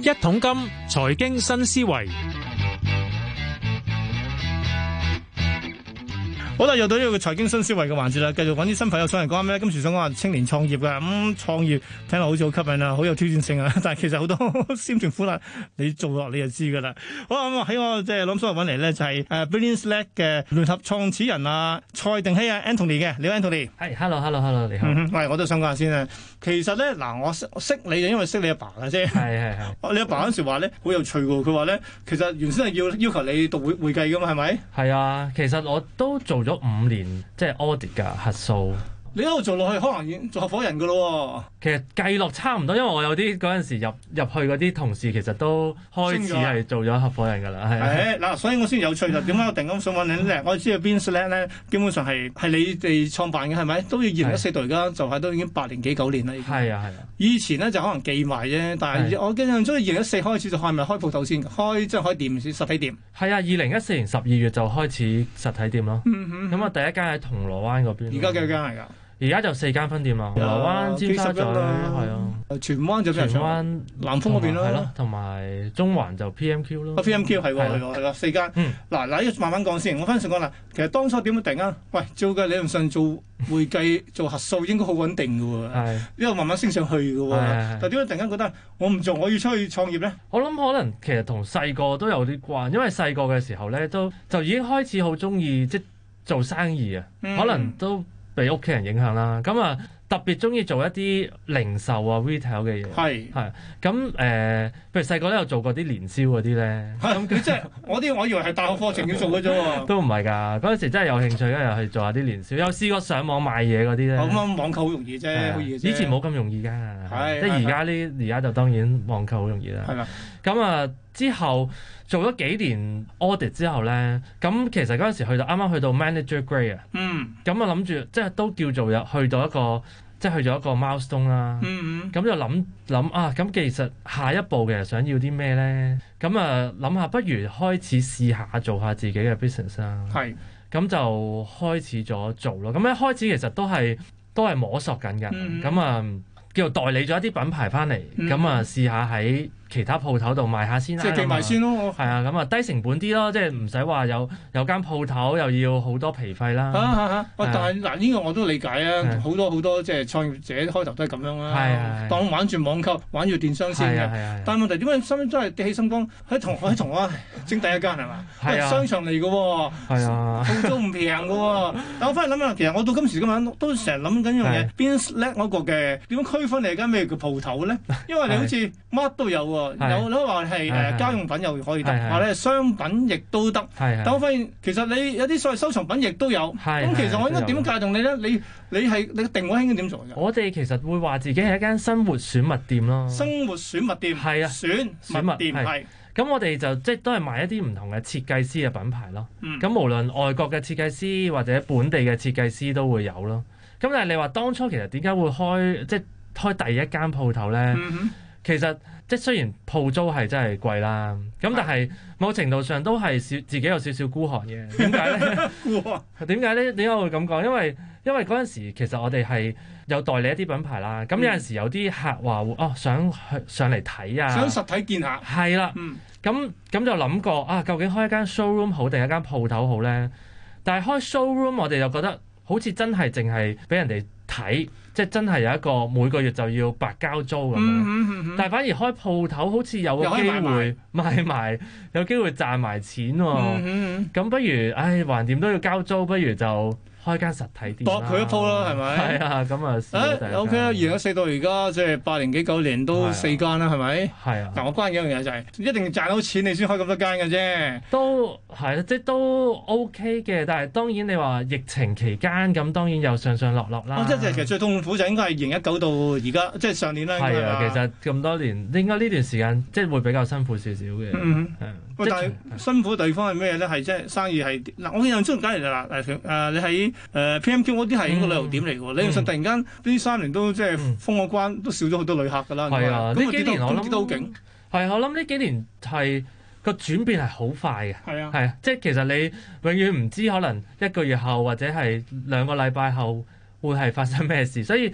一桶金財經新思維，好啦，又到呢個財經新思維嘅環節啦，繼續揾啲新朋友想嚟講咩？今次想講下青年創業嘅，咁創業，聽落好似好吸引啊，好有挑戰性啊，但係其實好多酸甜苦辣，你做落你就知噶啦。好、嗯我就是就是、啊，喺我即係諗想揾嚟咧，就係誒 B'IN SELECT 嘅聯合創始人啊，蔡定希啊，Antony 嘅，你好 Antony，係，Hello，Hello，Hello，你好，喂、hey, 嗯，我都想講下先啊。其實咧，嗱，我識我識你就因為識你阿爸嘅啫。係係係，我你阿爸嗰時話咧好有趣嘅喎，佢話咧其實原先係要要求你讀會會計嘅嘛，係咪？係啊，其實我都做咗五年即係、就是、audit 嘅核數。你一路做落去，可能已經做合伙人噶咯喎。其實計落差唔多，因為我有啲嗰陣時入入去嗰啲同事，其實都開始係做咗合伙人噶啦。係嗱，所以我先有趣啦。點解我突然間想揾你咧？ 我知啊，B'IN SELECT 咧，基本上係係你哋創辦嘅，係咪都要二零一四到而家就係都已經八年幾九年啦。已經係啊係啦。以前咧就可能寄埋啫，但係的我印象中二零一四開始就係咪開鋪頭先？開即係開店，實體店。係啊，二零一四年十二月就開始實體店咯。咁啊，第一間喺銅鑼灣嗰邊。而家幾間係啊？而家就四間分店啊，銅鑼、啊啊、灣、灣、尖沙咀，係啊，荃灣就荃灣、南豐嗰邊啦，咯，同埋中環就 PMQ 啦。PMQ 係喎，係喎，啦，四間。嗱嗱，依個慢慢講先。我翻上講啦，其實當初點樣定啊？喂，做嘅你唔信做會計做核數應該好穩定嘅喎，呢、啊、為慢慢升上去嘅喎。啊、但點解突然間覺得我唔做，我要出去創業咧、啊？我諗可能其實同細個都有啲關，因為細個嘅時候咧，都就已經開始好中意即係做生意啊，嗯、可能都。被屋企人影響啦，咁、嗯、啊、特別中意做一啲零售啊 retail 嘅嘢，係係咁誒，譬如細個都有做過啲年宵嗰啲咧，係咁即係我啲，我以為係大學課程要做嘅啫喎， 都唔係㗎，嗰陣時真係有興趣，跟住又去做下啲年宵，有試過上網賣嘢嗰啲咧，咁樣網購好容易啫，啊、易以前冇咁容易㗎，即係而家呢，而家、啊、就當然網購好容易啦。咁啊！之後做咗幾年 audit 之後咧，咁其實嗰陣時去到啱啱去到 manager grade 啊、嗯，咁啊諗住即係都叫做有去到一個即係去咗一個 milestone 啦，咁、嗯嗯、就諗諗啊，咁其實下一步嘅想要啲咩咧？咁啊，諗下不如開始試下做下自己嘅 business 啦。係咁是就開始咗做咯。咁一開始其實都係都係摸索緊嘅。咁、嗯嗯、啊，叫做代理咗一啲品牌翻嚟，咁啊、嗯嗯、試下喺，其他鋪頭度賣下先啦，即係記埋先咯。係啊，咁啊低成本啲咯，即係唔使話有有間鋪頭又要好多皮費啦。嚇嚇嚇！我但係嗱，呢個我都理解啊，好多好多即係創業者開頭都係咁樣啦。當玩住網購，玩住電商先嘅。但係問題點解真真係起心光？喺同喺同我整第一間係嘛？商場嚟嘅，鋪租唔平嘅。但我翻去諗下，其實我到今時今日都成日諗緊樣嘢，邊叻嗰個嘅點樣區分你間咩叫鋪頭咧？因為你好似乜都有喎。有咧，話係誒家用品又可以得，或者商品亦都得。但係我發現其實你有啲所謂收藏品亦都有。咁其實我應該點介紹你咧？你你係你定位應該點做？我哋其實會話自己係一間生活選物店咯。生活選物店？係啊，選物店係。咁我哋就即係都係賣一啲唔同嘅設計師嘅品牌咯。咁無論外國嘅設計師或者本地嘅設計師都會有咯。咁但係你話當初其實點解會開即係開第一間鋪頭咧？其實即係雖然鋪租係真係貴啦，咁但係某程度上都係少自己有少少孤寒嘅。點解咧？點解咧？點解我會咁講？因為因為嗰陣時其實我哋係有代理一啲品牌啦。咁有陣時有啲客話哦想上嚟睇啊，想實體見下。係啦。嗯。咁咁就諗過啊，究竟開一間 showroom 好定一間鋪頭好咧？但係開 showroom 我哋就覺得好似真係淨係俾人哋。睇，即係真係有一個每個月就要白交租咁樣，嗯哼嗯哼，但係反而開鋪頭好似有機會有買賣埋，有機會賺埋錢喎。咁、嗯嗯、不如，唉，橫掂都要交租，不如就。開間實體店，搏佢一鋪啦，係咪？係啊，咁啊，誒，O K 啦，二零一四到而家即係八零幾九年都四間啦，係咪？係啊。但、啊、我關鍵嘅嘢就係、是、一定要賺到錢，你先開咁多間嘅啫。都係啦、啊，即係都 O K 嘅，但係當然你話疫情期間咁，當然又上上落落啦、啊。即係其實最痛苦就應該係二零一九到而家，即係上年啦。係啊，其實咁多年，應該呢段時間即係會比較辛苦少少嘅。但係辛苦地方係咩咧？係即係生意係嗱、啊，我印象中梗係嗱誒誒，你喺誒 PMQ 嗰啲係個旅遊點嚟嘅喎，你、嗯嗯、其實突然間呢三年都即係封個關，嗯、都少咗好多旅客㗎啦。係啊，呢幾年我諗都好勁。係我諗呢幾年係個轉變係好快嘅。係啊，係啊，即係其實你永遠唔知可能一個月後或者係兩個禮拜後會係發生咩事，所以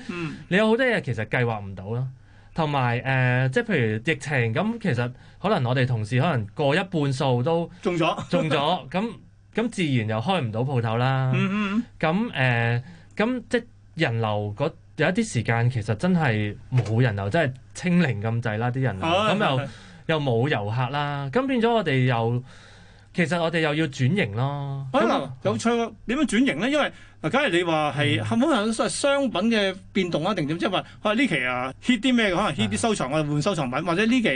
你有好多嘢其實計劃唔到囉。同埋誒，即係譬如疫情咁、嗯，其實可能我哋同事可能過一半數都中咗了，中咗了咁。 咁自然又開唔到鋪頭啦。咁誒，咁即係人流嗰有一啲時間，其實真係冇人流，真係清零咁滯啦啲人流。咁、哦嗯、又的又冇遊客啦。咁變咗我哋又其實我哋又要轉型咯。咁、啊嗯、有趣點樣轉型咧？因為嗱，假如你話係冚唪唥都係商品嘅變動啊，定點即係話，可能呢期啊 hit 啲咩可能 hit 啲收藏啊，我換收藏品，或者呢期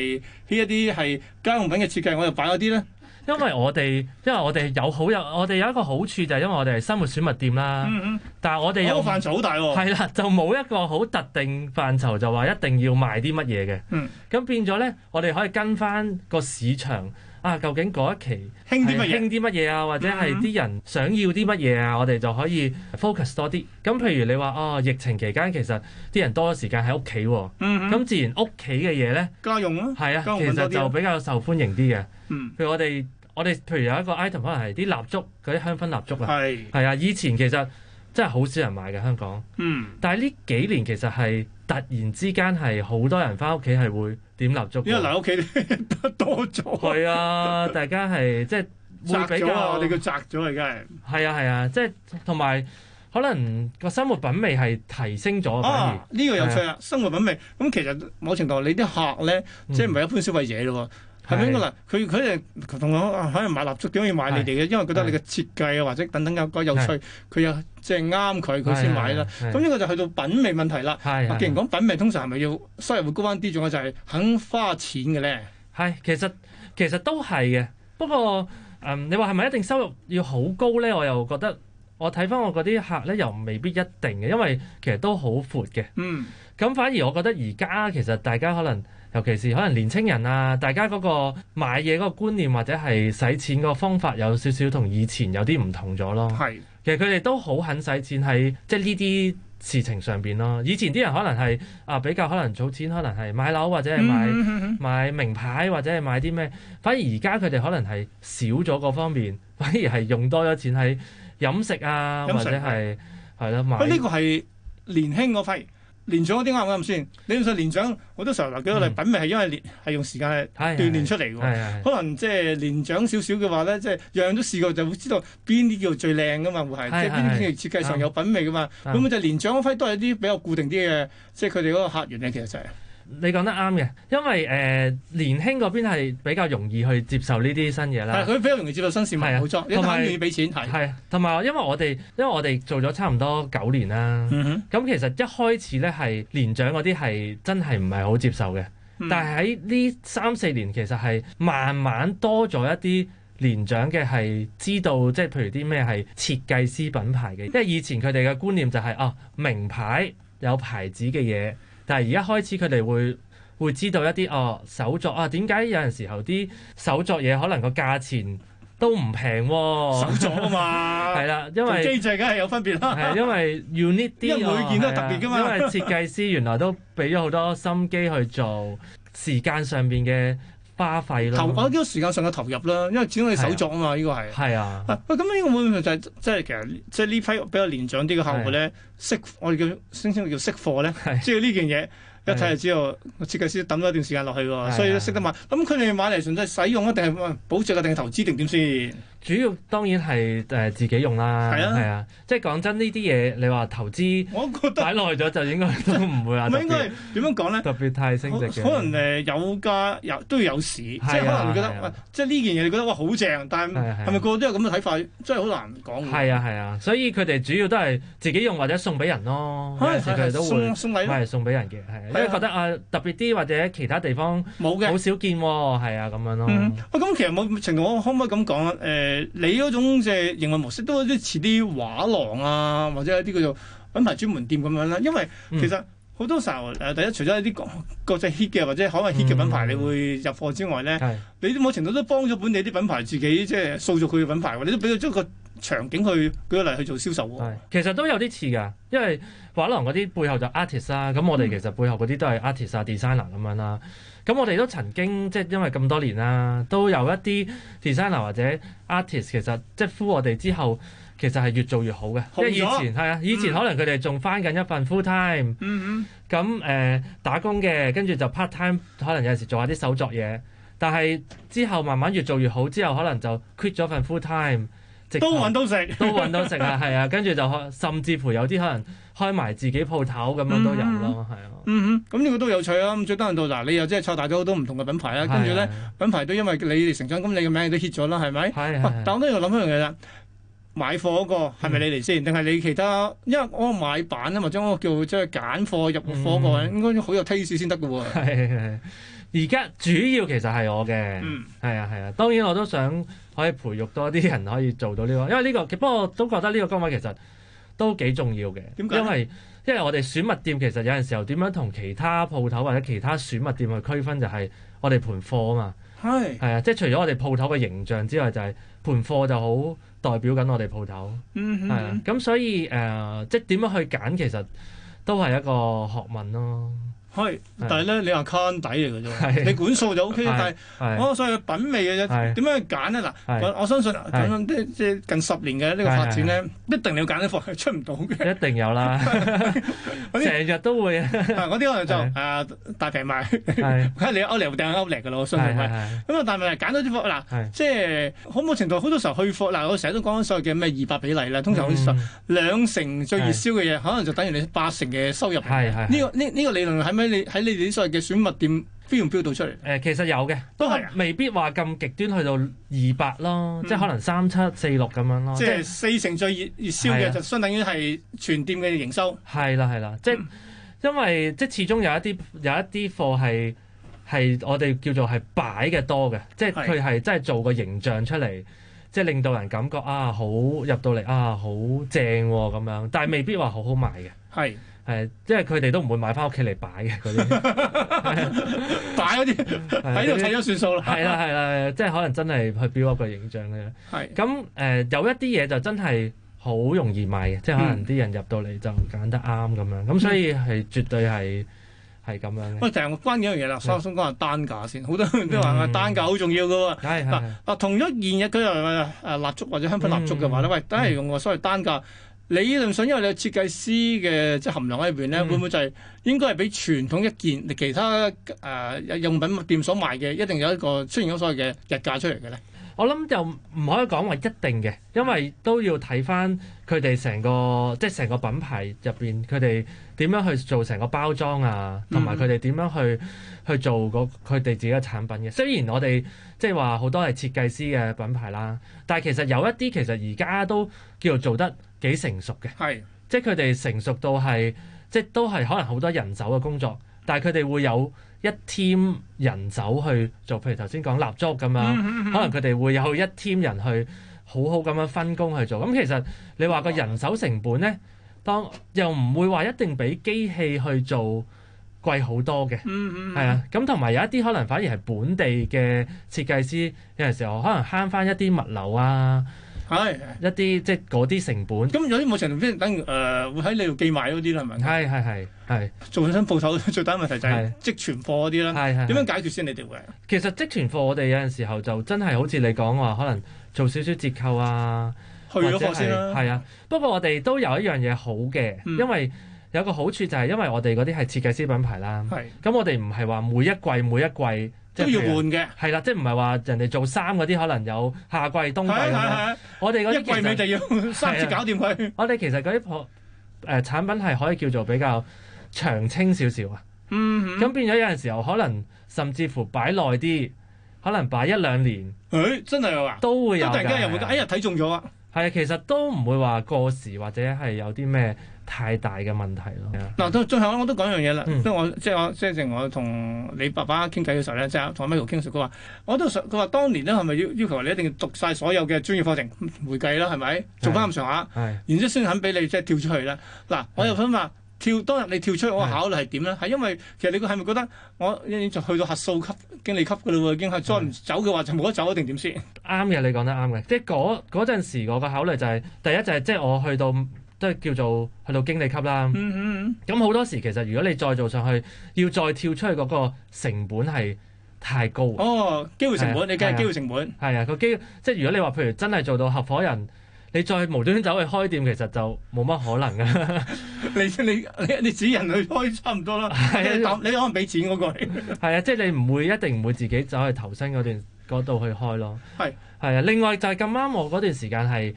hit 一啲係家用品嘅設計，我又擺嗰啲咧。因為我哋，因為我哋有好有，我哋有一個好處就係因為我哋係生活選物店啦。嗯嗯。但係我哋有範疇好大喎、係啦，就冇一個好特定範疇，就話一定要賣啲乜嘢嘅。嗯。咁變咗咧，我哋可以跟翻個市場啊，究竟嗰一期興啲乜嘢？興啲乜嘢啊？或者係啲人想要啲乜嘢啊？嗯、我哋就可以 focus 多啲。咁譬如你話哦，疫情期間其實啲人多咗時間喺屋企喎。嗯。咁自然屋企嘅嘢咧。家用咯。係啊，其實就比較受歡迎啲嘅。嗯、譬如我哋。我哋譬如有一個 item 可能係啲蠟燭，嗰啲香薰蠟燭啊，係是啊，以前其實真係好少人買嘅香港。嗯，但係呢幾年其實係突然之間係好多人返屋企係會點蠟燭，因為嚟屋企得多咗。係啊，大家係即係宅咗我哋個宅咗而家係啊係啊，即係同埋可能個生活品味係提升咗啊！呢、啊呢個有趣啊！啊生活品味，咁其實某程度你啲客咧，即係唔係一般消費者咯喎。嗯係咪應該嗱？佢佢哋同我可能買蠟燭，點可以買你哋嘅？是因為覺得你嘅設計啊，是或者等等有個有趣，佢是又即係啱佢，佢先買啦。咁呢個就去到品味問題啦。既然講品味，通常係咪要收入會高翻啲？仲有就係肯花錢嘅咧。係，其實其實都係嘅。不過，嗯，你話係咪一定收入要好高咧？我又覺得。我睇翻我嗰啲客咧，又未必一定嘅，因為其實都好闊嘅。嗯，咁反而我覺得而家其實大家可能，尤其是可能年青人啊，大家嗰個買嘢嗰個觀念或者係使錢嗰個方法有少少同以前有啲唔同咗咯。係是其實佢哋都好肯使錢喺即係呢啲事情上邊咯。以前啲人可能係啊比較可能儲錢，可能係買樓或者係買、嗯嗯嗯、買名牌或者係買啲咩，反而而家佢哋可能係少咗嗰方面，反而係用多咗錢喺。飲食啊，飲食係係咯，嘛的。不呢買 個係年輕嗰批，長年長嗰啲啱唔啱先？你唔信年長，我都成日話叫佢嚟品味，係因為年係用時間係鍛鍊出嚟嘅。嗯、可能即係年長少少嘅話咧，即、就、係、是、樣樣都試過，就會知道邊啲叫做最靚嘅嘛，會係即係邊啲設計上有品味嘅嘛。咁咪就年長嗰批都係啲比較固定啲嘅，即係佢哋嗰個客源咧，其實就係、是。你講得啱嘅，因為誒、呃、年輕嗰邊係比較容易去接受呢啲新嘢啦。係佢比較容易接受新事物，冇錯、啊。同埋要俾錢，係係、啊。同埋、啊、因為我哋因為我哋做咗差唔多九年啦。咁、嗯、哼其實一開始咧係年長嗰啲係真係唔係好接受嘅。嗯、但係喺呢三四年其實係慢慢多咗一啲年長嘅係知道，即、就、係、是、譬如啲咩係設計師品牌嘅。因為以前佢哋嘅觀念就係、是、哦，名牌有牌子嘅嘢。但係而家開始佢哋會會知道一啲，哦，手作啊，點解有陣時候啲手作嘢可能個價錢都唔平喎？手作嘛 啊嘛係啦，因為機製梗係有分別啦。係、 啊、因為要呢啲，因為每件都特別㗎嘛、 哦啊。因為設計師原來都俾咗好多心機去做，時間上邊嘅。花費啦，投我覺得時間上嘅投入啦，因為始終你手作啊嘛，呢個係。係啊。喂，咁呢、啊啊、個冇問題，就係即係其實即係呢批比較年長啲嘅客戶咧，啊、識我哋叫聲稱叫識貨咧，即係呢件嘢、啊、一睇就知道設計師等咗一段時間落去喎，啊、所以都識得買。咁佢哋買嚟純粹係使用啊，定係保值啊，定係投資定點先？主要當然係誒自己用啦，係啊，係啊，即係講真呢啲嘢，你話投資我覺得擺耐咗就應該都唔會話特別。唔應該點樣講咧？特別太升值嘅。可能誒有價，有都要有市，即係可能覺得，即係呢件嘢你覺得哇好正，但係咪個個都有咁嘅睇法？真係好難講嘅。係啊係啊，所以佢哋主要都係自己用或者送俾人咯，可能佢哋都會禮物送俾人嘅，係因為覺得啊特別啲或者其他地方冇嘅，好少見喎，係啊咁樣咯。咁，其實冇情同可唔可以咁講啊？誒。你嗰種即係營運模式都有啲似啲畫廊啊，或者一啲叫做品牌專門店咁樣啦。因為其實好多時候誒、嗯啊，第一除咗一啲國際 hit 嘅或者海外 hit 嘅品牌，你會入貨之外咧，嗯、你都某程度都幫咗本地啲品牌自己即係塑造佢嘅品牌，你都俾佢將個。場景去舉個例去做銷售喎，其實都有啲似㗎，因為畫廊嗰啲背後就 artist 啦、啊。咁、嗯、我哋其實背後嗰啲都係 artist 啊、designer 咁樣啦、啊。咁我哋都曾經即係因為咁多年啦、啊，都有一啲 designer 或者 artist 其實即係呼我哋之後，其實係越做越好嘅。即因為以前係、嗯、啊，以前可能佢哋仲返緊一份 full time，嗯咁、嗯、誒、嗯呃、打工嘅，跟住就 part time，可能有陣時做下啲手作嘢，但係之後慢慢越做越好，之後可能就 quit 咗份 full time。都揾到食，都揾到食啊，係 啊，跟住就甚至乎有啲可能開埋自己鋪頭咁樣都有咯、啊，係啊嗯。嗯哼，咁呢個都有趣啊。咁最得人到嗱，你又即係湊大咗好多唔同嘅品牌啊。啊跟住咧，品牌都因為你哋成長，咁你嘅名都 hit 咗啦，係咪、啊啊？但我都要諗一樣嘢啦，買貨嗰、那個係咪你嚟先？定係、嗯、你其他？因為我買版啊嘛，將嗰叫即係揀貨入貨嗰個人，嗯、應該好有 taste 先得嘅喎、啊。而家主要其實係我嘅，係、嗯、啊係啊。當然我都想可以培育多啲人可以做到呢個，因為呢個不過我都覺得呢個崗位其實都幾重要嘅。點解？因為因為我哋選物店其實有陣時候點樣同其他鋪頭或者其他選物店去區分，就係我哋盤貨啊嘛。係。係啊，即係除咗我哋鋪頭嘅形象之外，就係盤貨就好代表緊我哋鋪頭。嗯哼、嗯嗯。咁所以誒，即係點樣去揀，其實都係一個學問咯。係，但係咧，你話坑底嚟嘅啫。你管數就 O K，但係我所謂嘅品味嘅嘢點樣去揀咧？嗱，我相信即係近十年嘅呢個發展咧，一定要揀啲貨出唔到嘅。一定有啦，成日都會。嗰啲可能就誒大平賣，睇你歐力會掟歐力嘅咯。我相信係。咁啊，但係揀多啲貨嗱，即係好冇程度好多時候去貨嗱，我成日都講緊所謂嘅咩二百比例啦。通常好似兩成最熱銷嘅嘢，可能就等於你八成嘅收入。呢個呢呢個理論係咩？喺你喺你哋啲所謂嘅選物店，feel 唔 feel 到出嚟？誒、呃，其實有嘅，都係、啊、未必話咁極端，去到二百咯，嗯、即係可能三七四六咁樣咯。即係四成最熱熱銷嘅，啊、就相等於係全店嘅營收。係啦係啦，即係、嗯、因為即係始終有一啲有一啲貨係係我哋叫做係擺嘅多嘅，即係佢係真係做個形象出嚟，即係令到人感覺啊好入到嚟啊好正咁樣，但係未必話好好賣嘅。係的。係，即係佢哋都唔會買翻屋企嚟擺嘅嗰啲，擺嗰啲喺度睇咗算數啦。係啦係啦，即係可能真係去 build 一個形象嘅。係，咁誒有一啲嘢就真係好容易賣嘅，即係可能啲人入到嚟就揀得啱咁樣，咁所以係絕對係係咁樣嘅。喂，成關鍵一樣嘢啦，所以我想講下單價先。好多人都話單價好重要㗎喎。嗱嗱，同一現日佢又誒蠟燭或者香氛蠟燭嘅話咧，喂，都係用所謂單價。理論上，因為你係設計師嘅，即係含量喺入邊咧，會唔會就係應該係比傳統一件其他誒、呃、用品店所賣嘅一定有一個出現咗所謂嘅日價出嚟嘅咧？我諗就唔可以講話一定嘅，因為都要睇返佢哋成個即係成個品牌入邊，佢哋點樣去做成個包裝啊，同埋佢哋點樣去去做佢哋自己嘅產品嘅。雖然我哋即係話好多係設計師嘅品牌啦，但係其實有一啲其實而家都叫做做得。幾成熟嘅，是即係佢哋成熟到係，即都係可能好多人手嘅工作，但係佢哋會有一 team 人手去做，譬如頭先講蠟燭咁樣，嗯嗯、可能佢哋會有一 team 人去好好咁樣分工去做。咁其實你話個人手成本呢，當又唔會話一定比機器去做貴好多嘅，係、嗯嗯、啊。咁同埋有一啲可能反而係本地嘅設計師，有陣時候可能慳翻一啲物流啊。係 一啲即係嗰啲成本，咁有啲冇成本，即係等誒會喺你度寄埋嗰啲啦，係咪？係係係係，做緊新鋪頭最大問題就係積存貨嗰啲啦，係係，點樣解決先？你哋會其實積存貨，我哋有陣時候就真係好似你講話，可能做少少折扣啊， 去咗貨先啦，係啊，不過我哋都有一樣嘢好嘅，嗯、因為有個好處就係因為我哋嗰啲係設計師品牌啦，咁是我哋唔係話每一季每一季。都要換嘅係啦，即係唔係話人哋做衫嗰啲可能有夏季冬的、冬季啦。的我哋嗰一季尾就要三次搞掂佢。我哋其實嗰啲誒產品係可以叫做比較長青少少啊。嗯哼，咁變咗有陣時候可能甚至乎擺耐啲，可能擺一兩年誒、欸，真係有啊，都會有都突然間又會哎呀睇中咗啊，係啊，其實都唔會話過時或者係有啲咩。太大嘅問題咯。嗱，到最後我都講一樣嘢啦，即係、嗯、我即係我即係我同你爸爸傾偈嘅時候咧，即係同阿 Michael 傾嘅時候，佢話我都想，佢話當年咧係咪要要求你一定要讀晒所有嘅專業課程回，會計啦，係咪做翻咁上下，然之後先肯俾你即係跳出去咧。嗱，我又想話跳當日你跳出去，去我考慮係點咧？係因為其實你佢係咪覺得我已經就去到核數級經理級嘅嘞喎，已經係再唔走嘅話就冇得走，一定點先？啱嘅，你講得啱嘅， 即係嗰嗰陣時我嘅考慮就係、是、第一就係即係我去到。即係叫做去到經理級啦。咁好、嗯嗯嗯、多時其實，如果你再做上去，要再跳出去嗰個成本係太高。哦，機會成本，啊、你梗係機會成本。係啊，啊嗰個機即係如果你話譬如真係做到合夥人，你再無端端走去開店，其實就冇乜可能嘅。 你你你，你指人去開差唔多啦。係、啊啊、你可能俾錢嗰個。係 啊，即係你唔會一定唔會自己走去投身嗰段嗰度、嗰個、去開咯。係係啊，啊，另外就係咁啱，我嗰段時間係。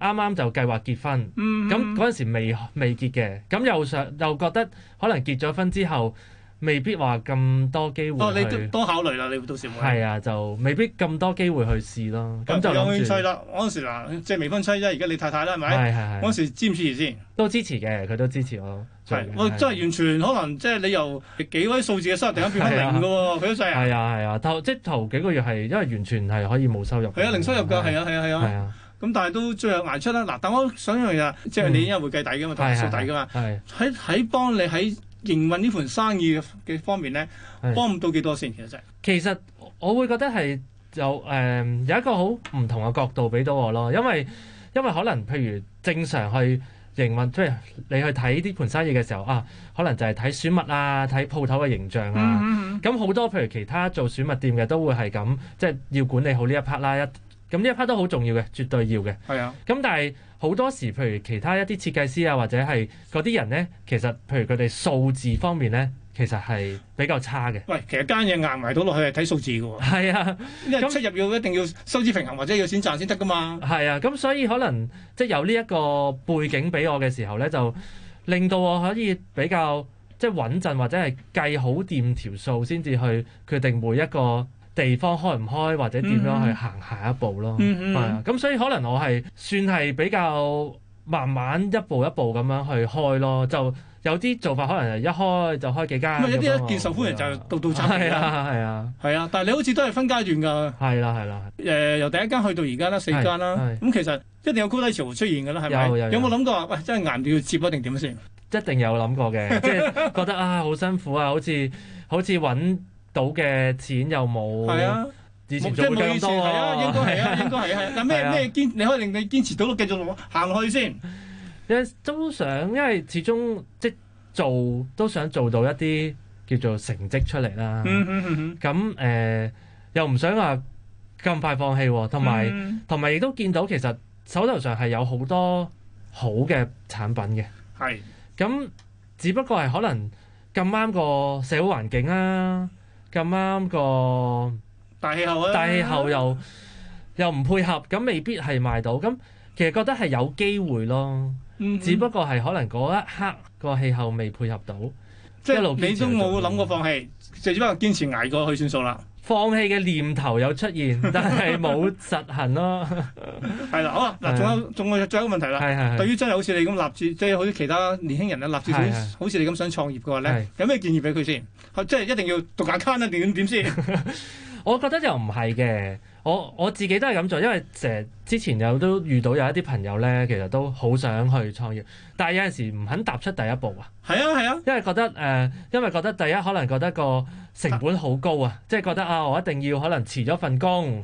啱啱就計劃結婚，咁嗰陣時未未結嘅，咁又想又覺得可能結咗婚之後未必話咁多機會。哦，你都多考慮啦，你到時會。係啊，就未必咁多機會去試咯。咁就兩樣催啦。嗰陣時嗱，即係未婚妻啫，而家你太太啦，係咪？係係係。嗰陣時支唔支持先？都支持嘅，佢都支持我。係，我真係完全可能，即係你由幾位數字嘅收入突然間變零嘅喎，佢都細人。係啊係啊，頭即係頭幾個月係因為完全係可以冇收入。係啊，零收入㗎，係啊係啊係啊。咁但係都最後捱出啦！嗱，但我想一樣嘢，即係你因為會計底嘅嘛，嗯、數底嘅嘛，喺喺幫你喺營運呢盤生意嘅方面咧，幫唔到幾多先，其實。其實我會覺得係有誒、呃、有一個好唔同嘅角度俾到我咯，因為因為可能譬如正常去營運，即係你去睇呢盤生意嘅時候啊，可能就係睇選物啊，睇鋪頭嘅形象啊，咁好、嗯、多譬如其他做選物店嘅都會係咁，即係要管理好呢一 part 啦一。咁呢一 part 都好重要嘅，絕對要嘅。係啊。咁、嗯、但係好多時，譬如其他一啲設計師啊，或者係嗰啲人咧，其實譬如佢哋數字方面咧，其實係比較差嘅。喂，其實間嘢硬埋到落去係睇數字嘅喎。係啊。咁出入要一定要收支平衡，或者有錢賺先得㗎嘛。係啊。咁、嗯、所以可能即係有呢一個背景俾我嘅時候咧，就令到我可以比較即係穩陣，或者係計好掂條數先至去決定每一個地方開唔開或者點樣去行下一步咯，係啊、嗯嗯嗯嗯，咁、嗯、所以可能我係算係比較慢慢一步一步咁樣去開咯，就有啲做法可能一開就開幾間，咁一啲一見受歡迎就到到產係啊係啊係啊，但係你好似都係分階段㗎，係啦係啦，誒、嗯、由第一間去到而家啦四間啦，咁、嗯嗯、其實一定有高低潮出現㗎啦，係咪？有冇諗有過喂、哎，真係難度要接一定點先？一定有諗過嘅，即係 覺得啊、哎、好辛苦啊，好似好似揾。到嘅錢又冇，係啊，之前做咁多啊，係啊，應該係啊，應該係啊。但咩咩堅，你可以令你堅持到都繼續落行落去先。一都想，因為始終即做都想做到一啲叫做成績出嚟啦。咁誒又唔想話咁快放棄，同埋同埋亦都見到其實手頭上係有好多好嘅產品嘅，係咁，只不過係可能咁啱個社會環境啦。咁啱個大氣候、啊、大氣候又 又唔配合，咁未必係賣到。咁其實覺得係有機會咯，嗯嗯，只不過係可能嗰一刻個氣候未配合到。即係是你都冇諗過放棄，就只不過堅持捱過去算數啦。放棄嘅念頭有出現，但係冇實行咯。係啦，好啊，嗱，仲有仲我仲有一個問題啦。係係係。對於真係好似你咁立志，即係好似其他年輕人咧立志好似你咁想創業嘅話咧，有咩建議俾佢先？即係一定要讀下 account 啦，點點點先？我覺得又唔係嘅，我我自己都係咁做，因為成日。之前有都遇到有一啲朋友咧，其實都好想去創業，但係有陣時唔肯踏出第一步啊。係啊，係 啊，因為覺得誒、呃，因為覺得第一可能覺得個成本好高啊， 即係覺得啊，我一定要可能辭咗份工，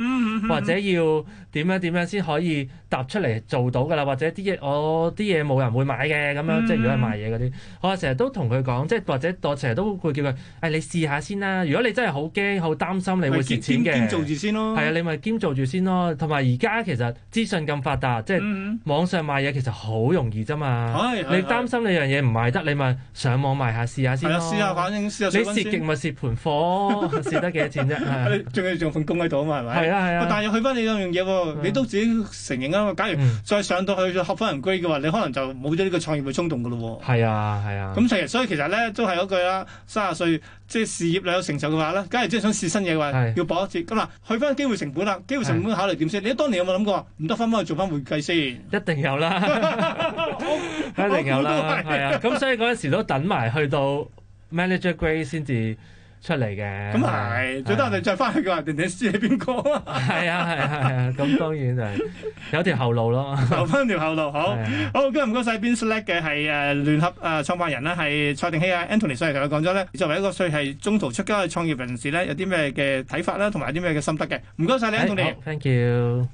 或者要點樣點樣先可以踏出嚟做到㗎啦，或者啲嘢我啲嘢冇人會買嘅咁樣， 即係如果係賣嘢嗰啲，我成日都同佢講，即係或者我成日都會叫佢誒、哎、你試下先啦、啊。如果你真係好驚、好擔心你、啊，你會蝕錢嘅，兼做住先咯。係啊，你咪兼做住先咯。同埋而家其實。資訊咁發達，即係網上賣嘢其實好容易啫嘛。嗯、你擔心你樣嘢唔賣得，你咪上網賣下試下先咯。試，試，試下，反正試你蝕極咪蝕盤貨，蝕 得幾多錢啫？仲有仲份工喺度啊嘛，係咪？係啊係啊。但係去翻你兩樣嘢喎，的你都自己承認啊嘛。假如再上到去合夥人居嘅話，你可能就冇咗呢個創業嘅衝動嘅咯。係啊係啊。咁所，所以其實咧都係嗰句啦，三十歲。即係事業你有成就嘅話咧，梗係即係想試新嘢嘅話，是要搏一次。咁、嗯、嗱，去翻機會成本啦，機會成本考慮點先？你當年有冇諗過唔得分翻去做翻會計先？一定有啦， 一定有啦，係啊。咁所以嗰陣時都等埋去到 Manager grade 先至。出嚟嘅咁係，最多我哋著翻佢話，定定輸喺邊個啊？係啊，係係係，咁當然就係有條後路咯，留翻條後路，好好。今日唔該曬，B'IN SELECT 嘅係誒聯合誒創辦人啦，係蔡定希啊，Anthony，所以同佢講咗咧，作為一個最係中途出家嘅創業人士咧，有啲咩嘅睇法啦，同埋啲咩嘅心得嘅，唔該曬你，Anthony，Thank you。